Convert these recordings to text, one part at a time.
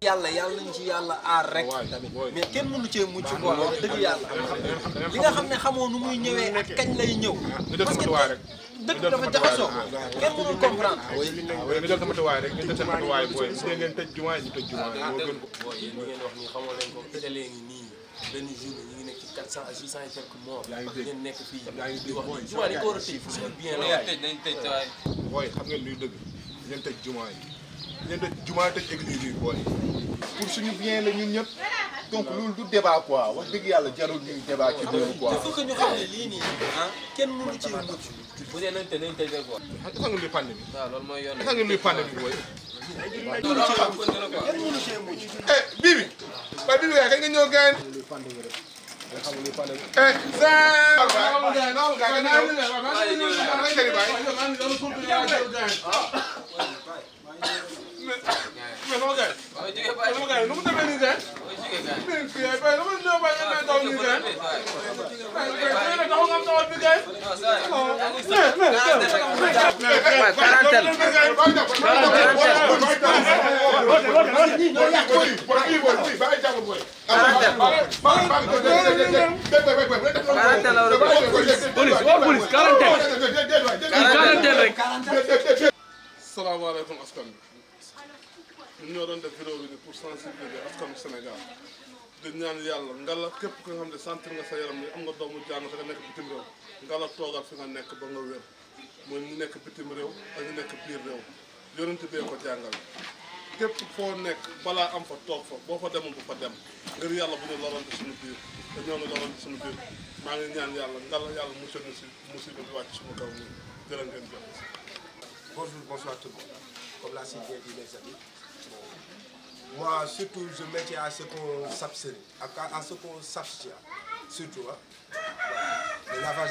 yàlla yàlla nañ ci yàlla aar rek mais kenn mënu cee mucc bool wax dëgg yàlla li nga xam ne xamoo nu muy ñëwee ak kañ lay ñëw parce que dëkk ah, ah, sama tuwaay rek ñu def sama tuwaay booy a la tëj nañ tëj booy xam ngeen luy dëgg ngeen tëj jumaa yi ñu dëj jumaa dëj église yi boole pour suñu bien la ñun ñëpp donc loolu du débat quoi wax dëgg yàlla jarul ñuy débat ci loolu quoi. il faut que ñu xam ne lii nii ah kenn mënu ci mucc. bu dee nañ te nañ tëjee quoi. xam ah, nga luy pandémie. waaw loolu mooy yoon. xam nga luy pandémie booy. mënu ci xam kenn mënu cee mucc. eh bii bi waaye bii bi kañ nga ñëw gaañ. luy pandémie rek nga xam luy pandémie. eh saa. sama gars sama gars nu mu demee nii gars bay bay dama ñëw bay bay taw nii gars bay bay taw nga taw bi gars salaamaaleykum askan bi ñun ñoo doon def vidéo bi ni pour sensibiliser askanu Sénégal di ñaan yàlla ngala képp ki nga xam ne sentir nga sa yaram ni am nga doomu jàng te nga nekk bitim réew ngala toogal fi nga nekk ba nga wér mu nekk bitim réew ak nekk biir réew yonent bee ko jàngal képp foo nekk balaa am fa toog fa boo fa demul bu fa dem ngir yàlla bu ñu lorante suñu biir te ñoo ngi lorante suñu biir maa ngi ñaan yàlla ngala yàlla musal ñu si musiba bi wàcc suñu kaw nii jërë ngeen jëf bonjour bonsoir tout le monde comme Moi, surtout, je m'étais à ce qu'on s'abstient, à, à, ce qu'on surtout. Hein. Le lavage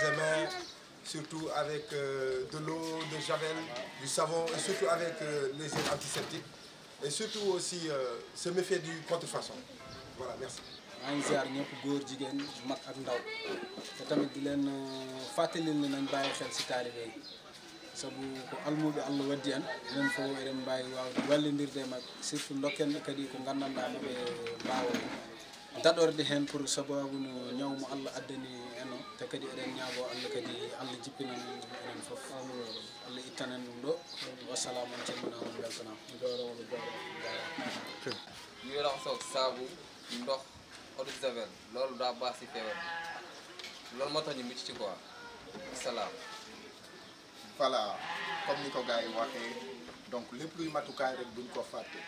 surtout avec euh, de l'eau, de javel, du savon, et surtout avec euh, les ailes antiseptiques. Et surtout aussi, euh, se méfier du contrefaçon. Voilà, merci. maa ngi ziar ñëpp góor jigéen mag ak ndaw te tamit di leen euh, fàttali ne nañ saabu ko almuɓe allah waddi en enen fof eɗen mbawi wawde wallodirde e mabɓe surtout dokken ɓe kadi ko gandanɗa ɓe mbawa daɗorde hen pour sababu no ñawmo allah addani en o te kadi eɗen ñaago allah kadi allah jippinan enen foof allah ittanen ɗum saabu ndox eau loolu daa baax si feebar loolu moo tax ñu mucc ci quoi salaam voilà comme ni ko gars yi waxee donc lépp luy matukaay rek buñ ko fàtte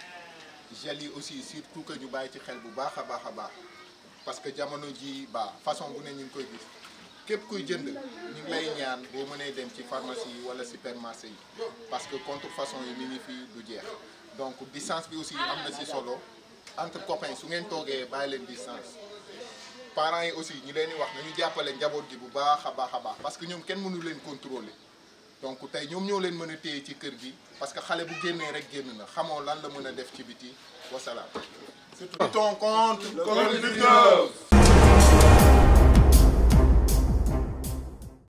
gel yi aussi surtout que ñu bàyyi ci xel bu baax a baax a baax parce que jamono ji ba façon bu ne ñu ngi koy gis képp kuy jënd ñu ngi lay ñaan boo mënee dem ci pharmacie yi wala supermarché yi parce que contrefaçon yi mi ngi fii du jeex donc distance bi aussi am na si solo entre copains su ngeen toogee bàyyi leen distance parents yi aussi ñu leen di wax nañu jàppale njaboot gi bu baax a baax a baax que ñoom kenn mënu leen contrôler donc tey ñoom ñoo leen mën a téye ci kër gi parce que xale bu génnee rek génn na xamoo lan la mën a def ci biti wasalaam. surtout on compte. le